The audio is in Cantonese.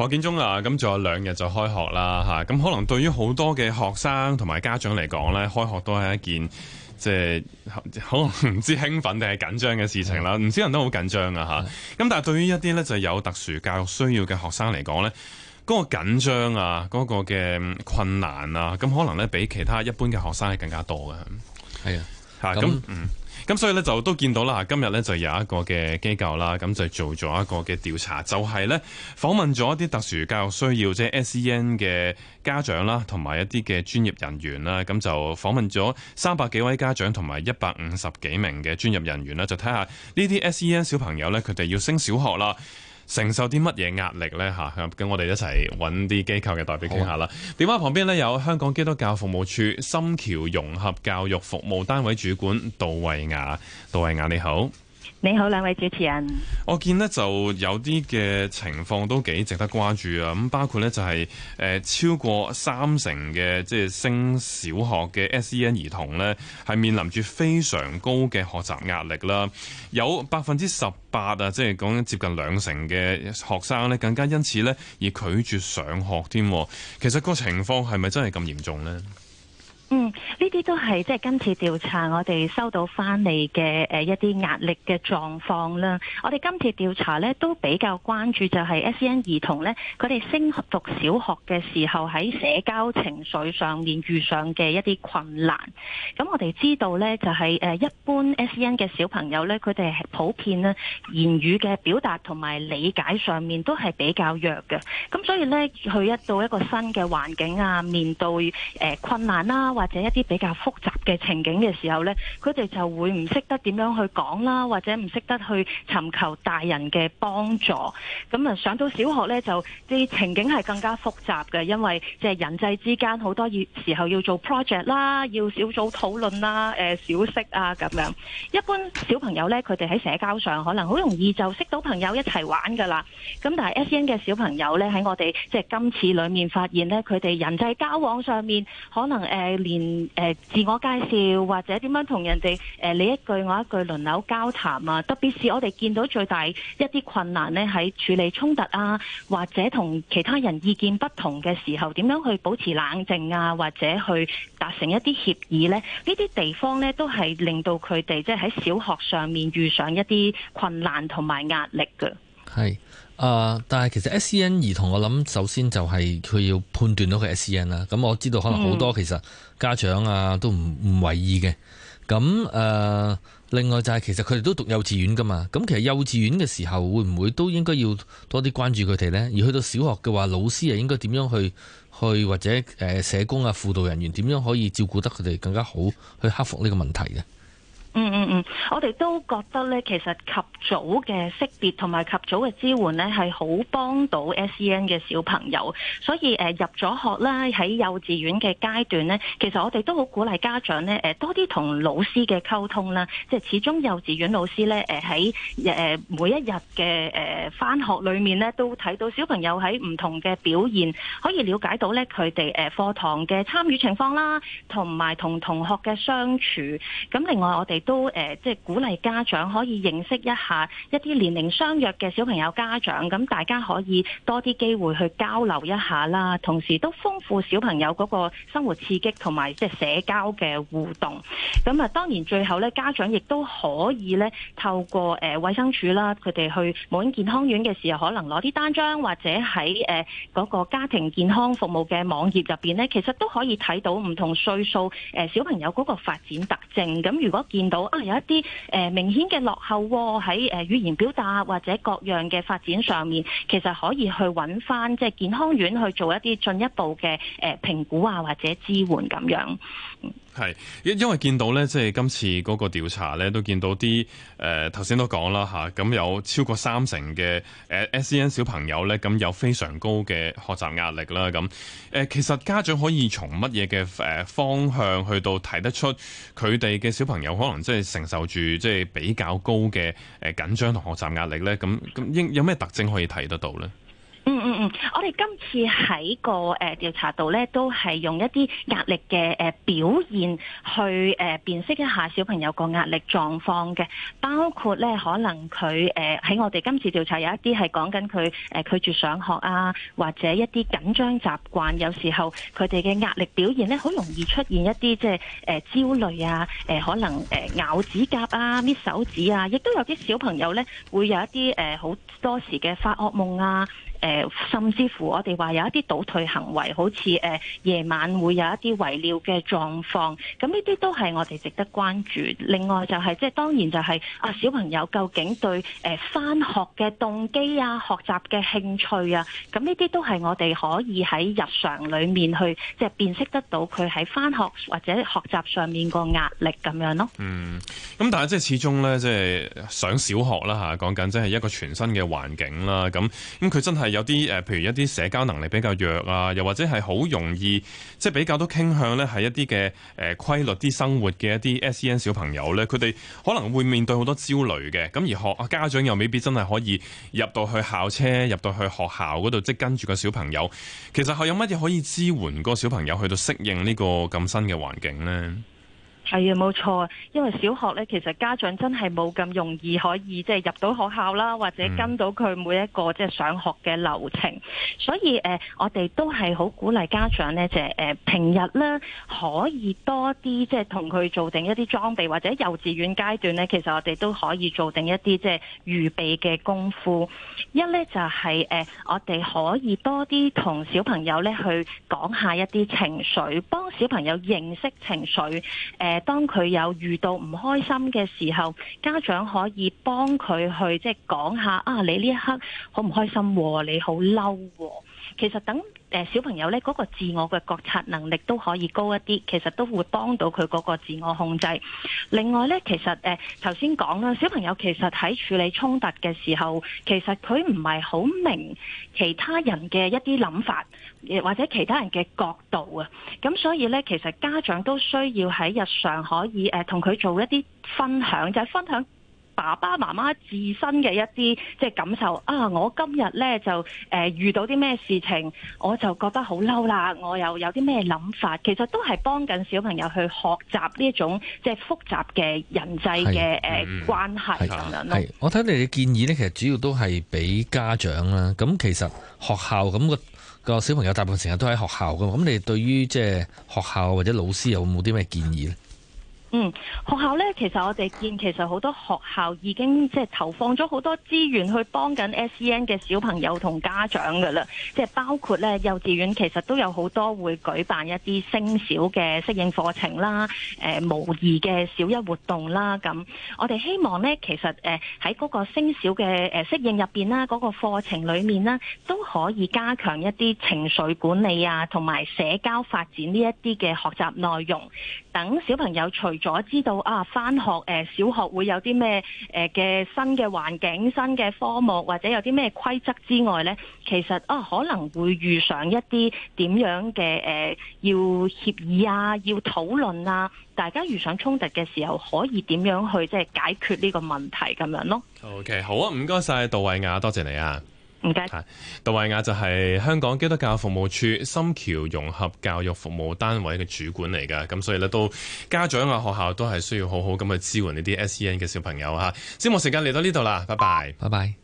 何建中啊，咁仲有兩日就開學啦，吓咁可能對於好多嘅學生同埋家長嚟講呢，開學都係一件即係可能唔知興奮定係緊張嘅事情啦，唔少人都好緊張啊，吓咁是的 但係對於一啲呢，就有特殊教育需要嘅學生嚟講呢，嗰個緊張啊，嗰個嘅困難啊，咁可能呢，比其他一般嘅學生係更加多嘅，係啊，吓咁嗯。咁所以咧就都見到啦，今日咧就有一個嘅機構啦，咁就做咗一個嘅調查，就係咧訪問咗一啲特殊教育需要即係 SEN 嘅家長啦，同埋一啲嘅專業人員啦，咁就訪問咗三百幾位家長同埋一百五十幾名嘅專業人員啦，就睇下呢啲 SEN 小朋友咧，佢哋要升小學啦，承受啲乜嘢壓力呢？咁我哋一齊揾啲機構嘅代表傾下啦。電話旁邊呢，有香港基督教服務處心橋融合教育服務單位主管杜惠雅，杜惠雅，你好。你好，兩位主持人。我見呢就有啲嘅情況都幾值得關注啊，咁包括呢就係、是、誒、呃、超過三成嘅即係升小學嘅 SEN 兒童呢，係面臨住非常高嘅學習壓力啦。有百分之十八啊，即係講接近兩成嘅學生呢，更加因此呢而拒絕上學添。其實個情況係咪真係咁嚴重呢？嗯，呢啲都係即係今次調查我哋收到翻嚟嘅、誒一啲壓力嘅狀況啦。我哋今次調查呢都比較關注就係 SEN 兒童咧，佢哋升讀小學嘅時候喺社交情緒上面遇上嘅一啲困難。咁我哋知道呢，就係、誒、一般 SEN 嘅小朋友咧，佢哋普遍呢言語嘅表達同埋理解上面都係比較弱嘅。咁所以呢，去一到一個新嘅環境啊，面對、呃、困難啦、啊。或者一啲比較複雜嘅情景嘅時候咧，佢哋就會唔識得點樣去講啦，或者唔識得去尋求大人嘅幫助。咁啊，上到小學咧，就啲情景係更加複雜嘅，因為即係人際之間好多時候要做 project 啦，要小組討論啦，誒、呃、小息啊咁樣。一般小朋友咧，佢哋喺社交上可能好容易就識到朋友一齊玩噶啦。咁但係 SEN 嘅小朋友咧，喺我哋即係今次裏面發現咧，佢哋人際交往上面可能誒。呃自我介紹，或者點樣同人哋誒，你一句我一句輪流交談啊，特別是我哋見到最大一啲困難呢，喺處理衝突啊，或者同其他人意見不同嘅時候，點樣去保持冷靜啊，或者去達成一啲協議呢？呢啲地方呢，都係令到佢哋即係喺小學上面遇上一啲困難同埋壓力嘅。係，啊、呃，但係其實 S E N 兒童，我諗首先就係佢要判斷到佢 S E N 啦。咁我知道可能好多其實家長啊都唔唔為意嘅。咁誒、呃，另外就係其實佢哋都讀幼稚園噶嘛。咁其實幼稚園嘅時候會唔會都應該要多啲關注佢哋呢？而去到小學嘅話，老師又應該點樣去去或者誒社工啊輔導人員點樣可以照顧得佢哋更加好，去克服呢個問題嘅？嗯嗯嗯，我哋都覺得咧，其實及早嘅識別同埋及早嘅支援咧，係好幫到 SEN 嘅小朋友。所以誒、呃、入咗學啦，喺幼稚園嘅階段咧，其實我哋都好鼓勵家長咧，誒、呃、多啲同老師嘅溝通啦。即係始終幼稚園老師咧，誒喺每一日嘅誒返學裏面咧，都睇到小朋友喺唔同嘅表現，可以了解到咧佢哋誒課堂嘅參與情況啦，同埋同同學嘅相處。咁另外我哋。亦都誒，即係鼓勵家長可以認識一下一啲年齡相約嘅小朋友家長，咁大家可以多啲機會去交流一下啦。同時都豐富小朋友嗰個生活刺激同埋即係社交嘅互動，咁啊，當然最後咧，家長亦都可以咧透過誒衛生署啦，佢哋去某啲健康院嘅時候，可能攞啲單張，或者喺誒嗰個家庭健康服務嘅網頁入邊咧，其實都可以睇到唔同歲數誒小朋友嗰個發展特徵，咁如果見，到啊，有一啲誒明顯嘅落後喺、哦、誒語言表達或者各樣嘅發展上面，其實可以去搵返即係健康院去做一啲進一步嘅誒評估啊，或者支援咁樣。係，因因為見到咧，即係今次嗰個調查咧，都見到啲誒，頭、呃、先都講啦吓，咁、啊、有超過三成嘅誒 S. E. N. 小朋友咧，咁有非常高嘅學習壓力啦。咁誒、呃，其實家長可以從乜嘢嘅誒方向去到睇得出佢哋嘅小朋友可能即係承受住即係比較高嘅誒緊張同學習壓力咧？咁咁應有咩特徵可以睇得到咧？嗯嗯，我哋今次喺個誒調查度咧，都係用一啲壓力嘅誒表現去誒辨識一下小朋友個壓力狀況嘅，包括咧可能佢誒喺我哋今次調查有一啲係講緊佢誒拒絕上學啊，或者一啲緊張習慣，有時候佢哋嘅壓力表現咧好容易出現一啲即係誒焦慮啊，誒可能誒咬指甲啊、搣手指啊，亦都有啲小朋友咧會有一啲誒好多時嘅發惡夢啊。誒，甚至乎我哋話有一啲倒退行為，好似誒夜晚會有一啲遺尿嘅狀況，咁呢啲都係我哋值得關注。另外就係即係當然就係、是、啊，小朋友究竟對誒翻、啊、學嘅動機啊、學習嘅興趣啊，咁呢啲都係我哋可以喺日常裏面去即係、就是、辨識得到佢喺翻學或者學習上面個壓力咁樣咯。嗯，咁但係即係始終咧，即係上小學啦吓，講緊即係一個全新嘅環境啦，咁咁佢真係。有啲誒，譬如一啲社交能力比較弱啊，又或者係好容易，即係比較都傾向咧，係一啲嘅誒規律啲生活嘅一啲 SEN 小朋友咧，佢哋可能會面對好多焦慮嘅，咁而學家長又未必真係可以入到去校車，入到去學校嗰度即跟住個小朋友，其實係有乜嘢可以支援個小朋友去到適應呢個咁新嘅環境呢？係啊，冇錯，哎，因為小學咧，其實家長真係冇咁容易可以即係、就是、入到學校啦，或者跟到佢每一個即係上學嘅流程，所以誒、呃，我哋都係好鼓勵家長咧，就係誒、是呃、平日咧可以多啲即係同佢做定一啲裝備，或者幼稚園階段咧，其實我哋都可以做定一啲即係預備嘅功夫。一咧就係、是、誒、呃，我哋可以多啲同小朋友咧去講下一啲情緒，幫小朋友認識情緒誒。呃當佢有遇到唔開心嘅時候，家長可以幫佢去即係講下啊，你呢一刻好唔開心，哦，你好嬲，哦。其實等。小朋友呢嗰、那個自我嘅覺察能力都可以高一啲，其實都會幫到佢嗰個自我控制。另外呢，其實誒頭先講啦，小朋友其實喺處理衝突嘅時候，其實佢唔係好明其他人嘅一啲諗法，或者其他人嘅角度啊。咁所以呢，其實家長都需要喺日常可以同佢、呃、做一啲分享，就係、是、分享。爸爸媽媽，媽媽自身嘅一啲即係感受啊，我今日呢就誒、呃、遇到啲咩事情，我就覺得好嬲啦！我又有啲咩諗法，其實都係幫緊小朋友去學習呢一種即係、就是、複雜嘅人際嘅誒關係咁樣咯。我睇你嘅建議呢，其實主要都係俾家長啦。咁其實學校咁、那個小朋友大部分時間都喺學校㗎，咁你對於即係學校或者老師有冇啲咩建議呢？嗯，學校咧，其實我哋見，其實好多學校已經即係投放咗好多資源去幫緊 SEN 嘅小朋友同家長噶啦，即係包括咧幼稚園，其實都有好多會舉辦一啲升小嘅適應課程啦，誒、呃，模擬嘅小一活動啦，咁我哋希望咧，其實誒喺、呃、個升小嘅誒適應入邊啦，嗰個課程裏面啦，都可以加強一啲情緒管理啊，同埋社交發展呢一啲嘅學習內容，等小朋友除。咗知道啊，返學誒、呃、小學會有啲咩誒嘅新嘅環境、新嘅科目，或者有啲咩規則之外呢？其實啊可能會遇上一啲點樣嘅誒、呃、要協議啊、要討論啊，大家遇上衝突嘅時候可以點樣去即係解決呢個問題咁樣咯。OK，好啊，唔該晒杜惠雅，多謝，謝你啊。唔該，杜惠雅就係香港基督教服務處心橋融合教育服務單位嘅主管嚟嘅，咁所以呢都家長啊學校都係需要好好咁去支援呢啲 SEN 嘅小朋友啊，節目時間嚟到呢度啦，拜拜，拜拜。